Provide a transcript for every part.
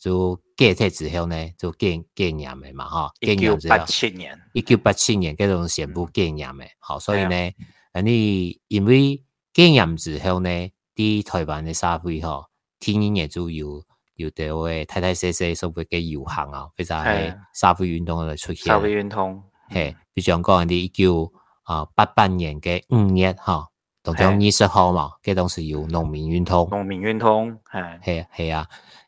就檢測之後呢，就檢檢驗嘅嘛，哈，檢驗之後，一九八七年，一九八七年嗰種全部檢驗嘅，好、嗯哦，所以呢，你、嗯、因為檢驗之後呢，啲台灣嘅社會嗬，天然也做要要對誒大大細細，所謂嘅遊行啊，佢就喺沙埔運動嗰度出現，沙埔運動，係、嗯，比如講嗰一九啊八八年嘅五月嗬，六月二十號嘛，嗰種、哎、是要農民運動，農民運動，係、哎，係啊。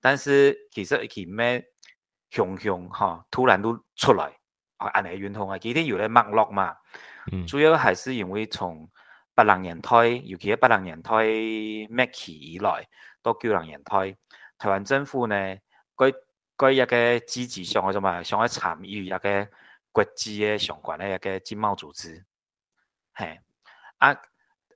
但是其實其咩向向哈突然都出來，啊安係元通啊，今天有喺網絡嘛，嗯、主要還是因為從八零年代，尤其八零年代末期以來到九零年代。台灣政府呢，佢佢一個積極上嘅做乜，想去參與一個國際嘅相關嘅一個經貿組織，係、嗯、啊。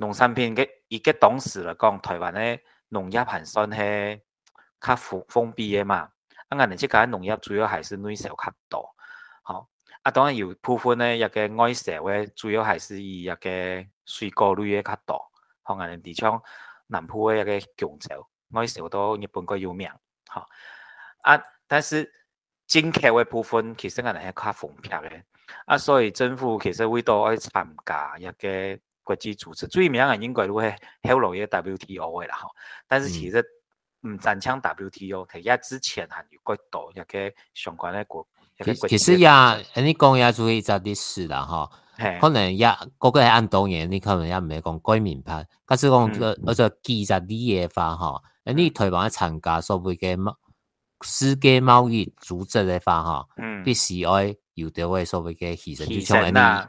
農產品嘅，以家當時嚟講，台灣咧農業係算係較封封閉嘅嘛。啊，我哋即間農業主要係是內銷較多，嚇。啊，當然有部分咧、啊、一個外銷嘅，主要係是以一個水果類嘅較多。我哋啲像南部嘅一個香蕉外銷到日本較有名，好啊，但是進口嘅部分其實我哋係較封閉嘅。啊，所以政府其實會多愛參加一個。國際組織最明顯應該都係 hello 嘅 WTO 嘅啦，哈！但是其實唔只搶 WTO，其實之前還有幾一個相關嘅國的。其實呀，你講呀注意一下歷史啦，哈。對 可能呀，嗰個係按當年，你可能也唔會講改名牌，嗰時講我就記一啲嘢翻，哈、嗯。你台灣參加所謂嘅貿世界貿易組織嘅話，哈、嗯，必須要有對位所謂嘅其實就像一啲。嗯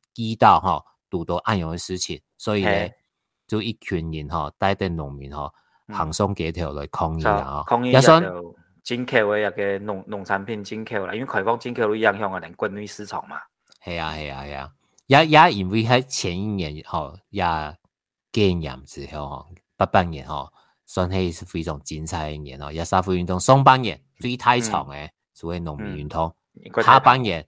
知道嗬，做到啱樣嘅事情，所以咧，是就一群人嗬，帶領農民嗬、嗯、行上街頭來抗議抗議。一係進口嘅一個農農產品進口啦，因為開放進口會影響啊，但國內市場嘛，係啊係啊係啊，也也因為喺前一年嗬，也、啊、建言之後嗬，八八年嗬，算係是非常精彩一年哦，也三伏運動上半年最常長的，做嘅農民運動、嗯，下半年。嗯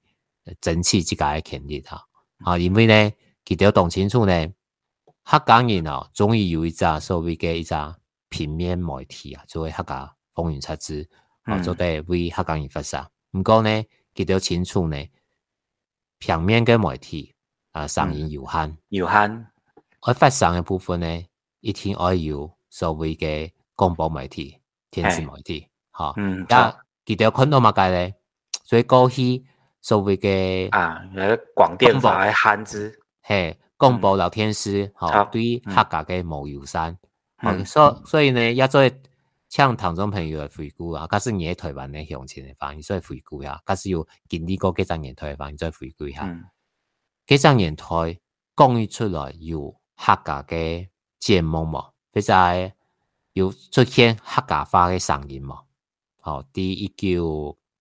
爭取自己嘅權益啊！啊，因為咧，記得要懂清楚咧，客家人啊，終於有一隻所謂嘅一隻平面媒體啊，作為客家風雲雜誌，啊，做對、嗯、為客家人發聲。唔過咧，記得要清楚咧，平面嘅媒體啊，上演有限、嗯，有限。我發聲嘅部分咧，一定愛有所謂嘅廣播媒體、電視媒體，吓、欸。嗯。家佢哋要看到乜嘢咧，所以過去。所謂嘅啊，廣電係漢字，係廣播聊天室，嗯、吼對客家嘅無憂山。所以所以呢，一再請聽眾朋友嚟回顧啊，假使而喺台灣嘅鄉親反應，再回顧下，假使有經歷過幾幾年台灣再回顧下，幾幾年台剛一出來有客家嘅節目嘛，就係有出現客家話嘅聲音嘛。好，第一叫。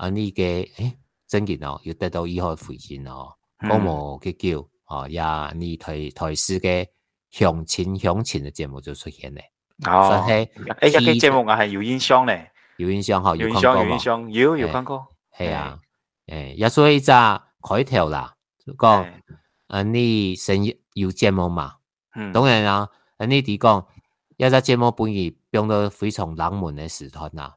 啊你嘅，誒，真嘅哦，又得到醫患回應哦，好冇嘅叫，哦。呀，你的台台視嘅向前向前嘅節目就出現咧，哦，所以，誒、哎，個節目我係有印象咧，有印象嗬，有有歌嘛，有有響歌，係啊，誒對，要所以一開頭啦，就講，對啊，你成日有，有節目嘛，嗯、當然啊，啊你啲講，一啲節目本意變得非常冷門嘅時段啦。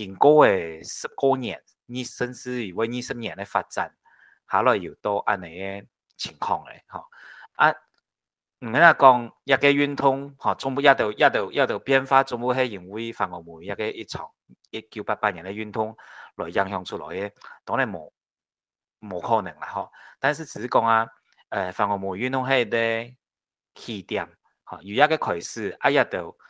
經過嘅十幾年，你甚至以為二十年嘅發展，下來又到咁嘅情況嘅，嚇！啊，唔啱講，一個運動，嚇、啊，從冇一度一度一度變化，從冇喺因為還我母語一個一場一九八八年嘅運動來影響出來嘅，當然冇冇可能啦，嚇、啊！但是只講啊，誒還我母語運動係啲起點，嚇、啊，有一個開始，啊一度。一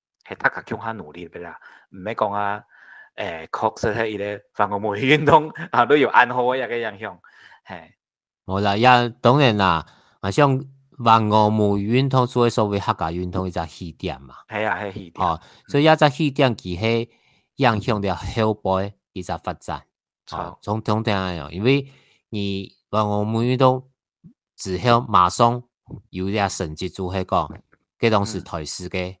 係大家傾下努力俾啦，唔係講啊誒，確實係一個還我母語運動，都有安好一個影響。係，我啦，一當然啦，我想還我母語運動所謂所謂客家運動一隻起點嘛。係啊係起點。哦、嗯，所以一隻起點其實影響到後輩一齊發展。錯、嗯，從總點嚟講，從嗯、因為你還我母語運動之後，馬上有啲成績做喺個，佢當是台師嘅。嗯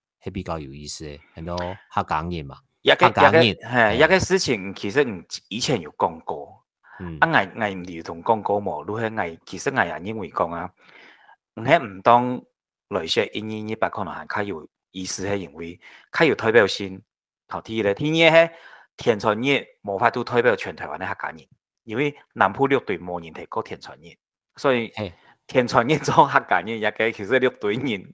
係比較有意思嘅，係囉客家人嘛，客家人係一個事情其、嗯啊，其實唔以前有講過，嗯，啊，我我唔認同講過冇，如果我其實我也有會講啊，我唔當嚟說一二二八可能，較有意思係認為較有代表性，頭天咧，天二係天穿日無法都代表全台灣嘅客家人，因為南部六堆冇人睇過天穿日，所以嘿天穿日做客家人，而家其實六堆人。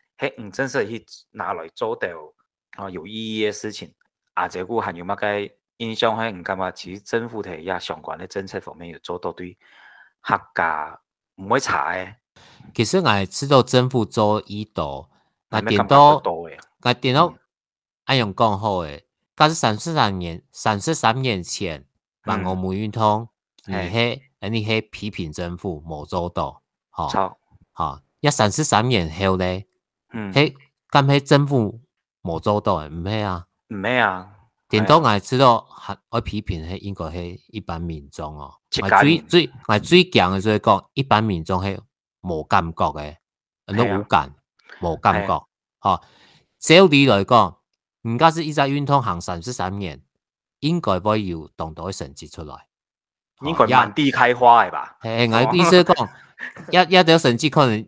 唔真實，去哪來做到啊有意義嘅事情，啊，這個還有乜嘅印象？係唔咁啊？其實政府喺一相關嘅政策方面有做到對客家唔會查嘅。其實我係知道政府做醫度，嗱電腦，嗱電腦阿勇講好嘅。嗰時三十三年，三十三年前，我冇認同你係、那個，你係、嗯、批評政府冇做到，好超，好、啊。一三十三年後咧。嘿，咁嘿政府冇做到誒，唔係啊，唔係啊，點都係知道，我批評喺英國喺一般民眾哦。最最係最強的就係講一般民眾係冇感覺多冇感冇感覺，嗬。小李來講，而家是一直運動行三十三年，應該會有當到一成績出來，應該慢地開花嘅吧？係，我意思講，一一條成績可能。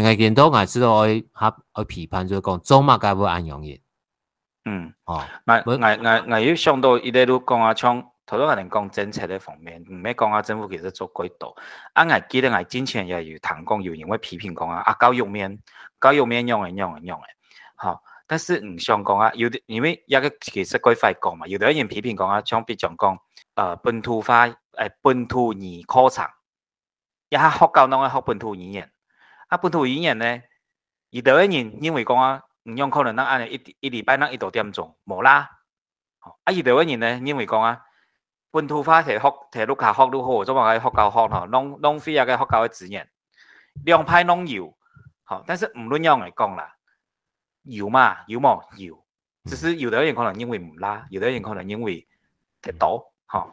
誒，我見到我知道愛愛批判就講做乜解會安容易。嗯，哦，我我我我又想到，依家都講啊，像頭先我哋講政策嘅方面，咩講啊，政府其實做幾多，啊，我記得我之前也有聽講有人會批評講啊，啊，教育面，教育面用人用樣用樣，吓、哦，但是唔想講啊，有啲因為一個其實佢快講嘛，有的人批評講啊，像比講講，呃，本土化誒、欸、本土語考場，一下學校嗰個好本土語言。阿本土語言咧，有兜人，認為講啊唔用可能能按呢一一禮拜能一度點鐘，冇啦。阿有兜人咧，認為講啊本土化係學，係碌下學碌好，做乜嘢學教學咯？農農非要個學教嘅資源，兩派攏有，吼，但係唔論樣嚟講啦。有嘛，有冇有，只是有兜人可能認為唔啦，有兜人可能認為太多，吼。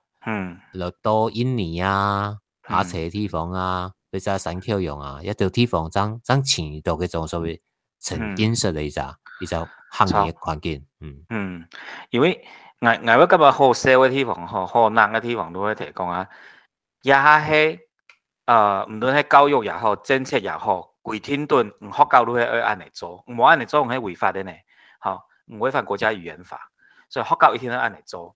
嗯，又多煙味啊，下斜地方啊，或者新啟用啊，一條地方增增前度嘅就屬於城建設嘅一比較行業環境，嗯，嗯，因為外外國嗰邊好少嘅地方，好好難嘅地方都會提供，啊，一下唔論教育也好，政策也好，學校都會按嚟做，唔按嚟做係違法嘅呢，好，唔違反國家語言法，所以學校一定要按嚟做。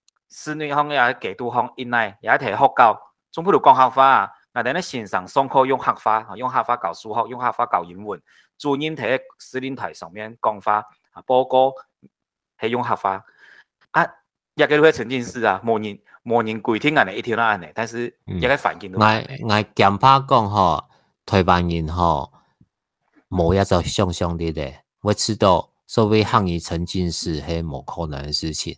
四年級也喺幾多方，因內也要提黑教，總不如講黑話啊！啊，等你線上上課用黑話，用黑話教數學，用黑話教，教英文，做人喺司令台上面講話啊，報告係用黑話啊，一個都喺沉浸式啊，無人無人具體講咧一條呾咧，但是也個環境。哎哎、嗯，講吼，台灣人吼，一的咧，我知道所謂沉浸式冇可能的事情，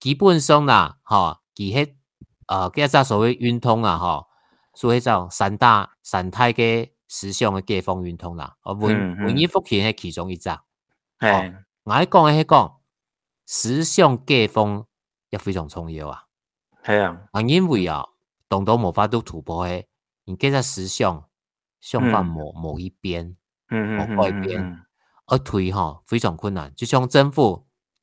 基本上啦，吼，其實、那個、呃嗰一所謂運動啊，吼，所謂咁三大三太嘅思想嘅解放運動啦，文、文藝復興，其實、嗯嗯、其中一隻係，嘿喔、我講嘅係講思想解放，亦非常重要啊。係啊，因為啊、喔，動都無法度突破嘅，你家只思想相反某、嗯、某一嗯，冇、嗯、嗰一邊，嗯嗯嗯、而推吼、喔、非常困難，就像政府。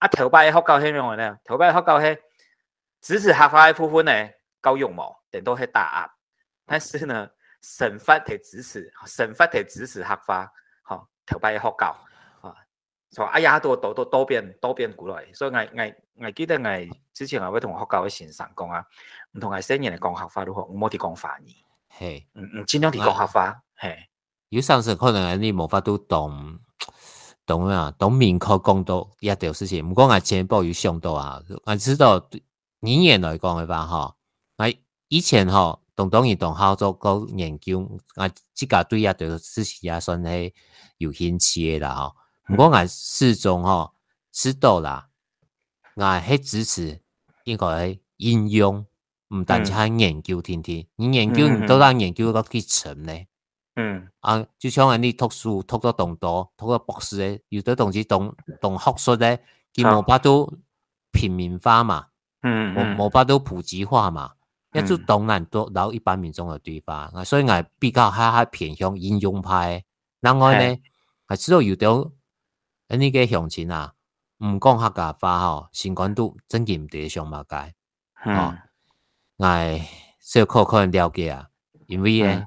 啊，頭擺要學校咩樣嘅咧？頭擺要學校係支持客話嘅部分咧，夠用冇？但都係打壓。但是呢，神法係支持，神法係支持客話，嚇頭擺要學校，嚇、啊，所以啊，好多多多多邊多邊過來，所以我我我記得我之前有位同我學校嘅先生講啊，唔同嗌新人嚟講客話都好，唔好提講法語，係唔唔，盡、嗯嗯、量啲講客話，係唉是有時可能你冇法度懂。懂啊，懂明確講到也條事情，唔過，阿前波要上到啊。我知道語言來講嘅話，哈，我、哦、以前吼，懂黨員懂號做搞研究，我、啊、自家對也條事情也算係有興趣嘅啦。哈、哦，唔、嗯、過我始終吼、哦、知道啦，我去支持應該應用，唔但止係研究，天天、嗯、你研究，你都、嗯、讓研究到幾成呢？嗯，啊，就像你讀書讀到懂多，讀到博士咧，有啲東西懂懂學術咧，佢冇法度平民化嘛，嗯，冇冇法度普及化嘛，一做東南都然一般民眾的地方，嗯，所以我比較係係偏向應用派，另外咧，還知道有啲呢個行情啊，唔講客家話吼，新管都真見唔得上街價，嗯，我小可可能了解啊，因為呢